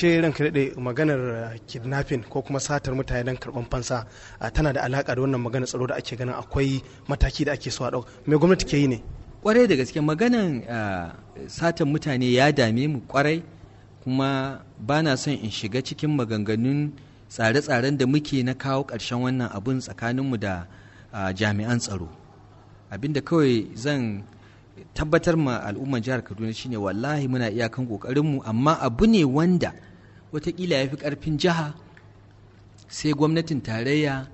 ƙarshe ranka daɗe maganar eh, kidnapping ko kuma satar mutane don karɓan fansa ah, tana da alaƙa da wannan maganar tsaro da ake ganin akwai mataki da ake so a ɗau mai gwamnati ke yi ne kwarai da gaske maganan ah, satar mutane ya dame mu kwarai kuma ba na son in shiga cikin maganganun tsare-tsaren da muke na kawo ƙarshen wannan abun tsakaninmu da ah, jami'an tsaro abinda kawai zan tabbatar ma al'ummar jihar kaduna shine wallahi muna iyakan ƙoƙarinmu amma abu ne wanda watakila ya fi karfin jiha sai gwamnatin tarayya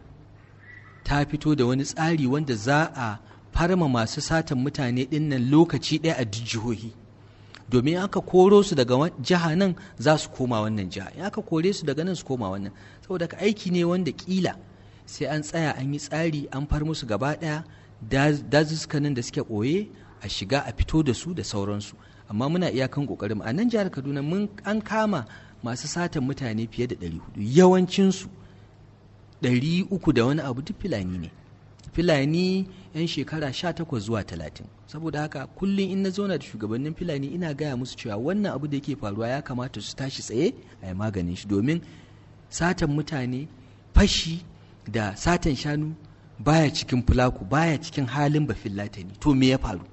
ta fito da wani tsari wanda za a farma masu satan mutane dinnan lokaci ɗaya a duk jihohi domin aka koro su daga jiha nan za su koma wannan jiha in aka kore su daga nan su koma wannan saboda ka aiki ne wanda kila sai an tsaya an yi tsari an far musu gaba ɗaya nan da suke ɓoye a shiga a fito da su da sauransu amma muna iyakan ƙoƙarin a nan jihar kaduna mun an kama masu satan mutane fiye da ɗari 400 yawancinsu uku da wani abu duk filani ne filani 'yan shekara sha 18 zuwa talatin, saboda haka kullum in na zauna da shugabannin filani ina gaya musu cewa wannan abu da yake faruwa ya kamata su tashi tsaye a yi maganin shi domin satan mutane fashi da satan shanu baya cikin fulaku baya cikin halin bafin latani to me ya faru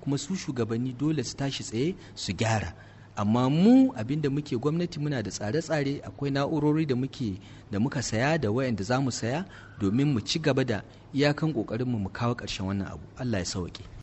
kuma su shugabanni dole su tashi tsaye su gyara amma mu abinda muke gwamnati muna da tsare-tsare akwai na'urori da muke da muka saya da wayanda za mu saya domin mu ci gaba da iyakan kokarinmu mu kawo ƙarshen wannan abu allah ya sauke